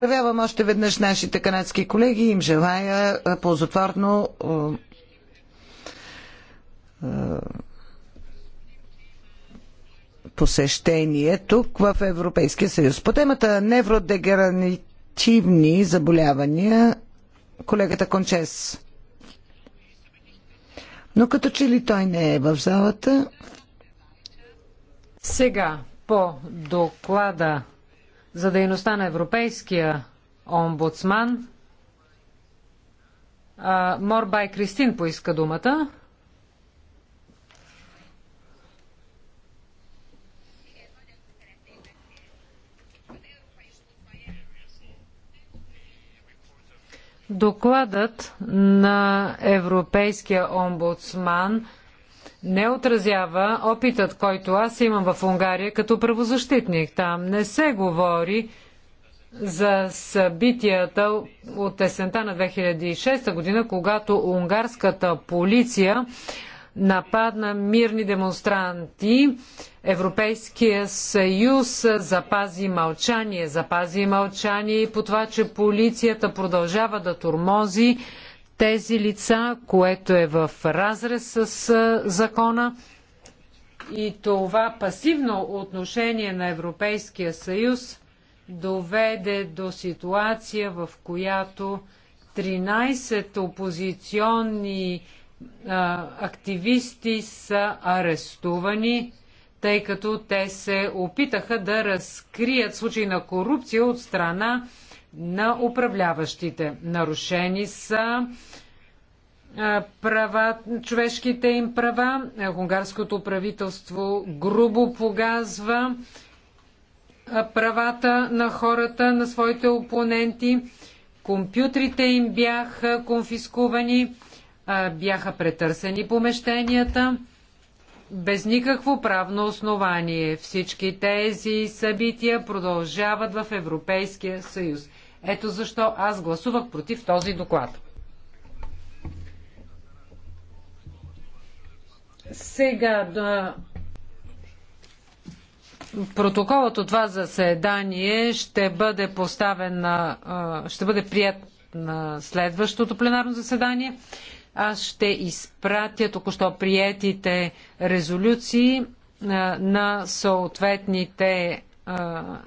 Поздравявам още веднъж нашите канадски колеги и им желая ползотворно посещение тук в Европейския съюз. По темата невродегенеративни заболявания колегата Кончес. Но като че ли той не е в залата? Сега по доклада за дейността на Европейския омбудсман. Морбай Кристин поиска думата. Докладът на Европейския омбудсман – не отразява опитът, който аз имам в Унгария като правозащитник. Там не се говори за събитията от есента на 2006 година, когато унгарската полиция нападна мирни демонстранти. Европейския съюз запази мълчание, запази мълчание и по това, че полицията продължава да турмози тези лица, което е в разрез с закона. И това пасивно отношение на Европейския съюз доведе до ситуация, в която 13 опозиционни а, активисти са арестувани, тъй като те се опитаха да разкрият случай на корупция от страна на управляващите. Нарушени са права, човешките им права. Унгарското правителство грубо погазва правата на хората, на своите опоненти. Компютрите им бяха конфискувани, бяха претърсени помещенията без никакво правно основание. Всички тези събития продължават в Европейския съюз. Ето защо аз гласувах против този доклад. Сега да... Протоколът от това заседание ще бъде поставен на... ще бъде прият на следващото пленарно заседание. Аз ще изпратя току-що приетите резолюции на съответните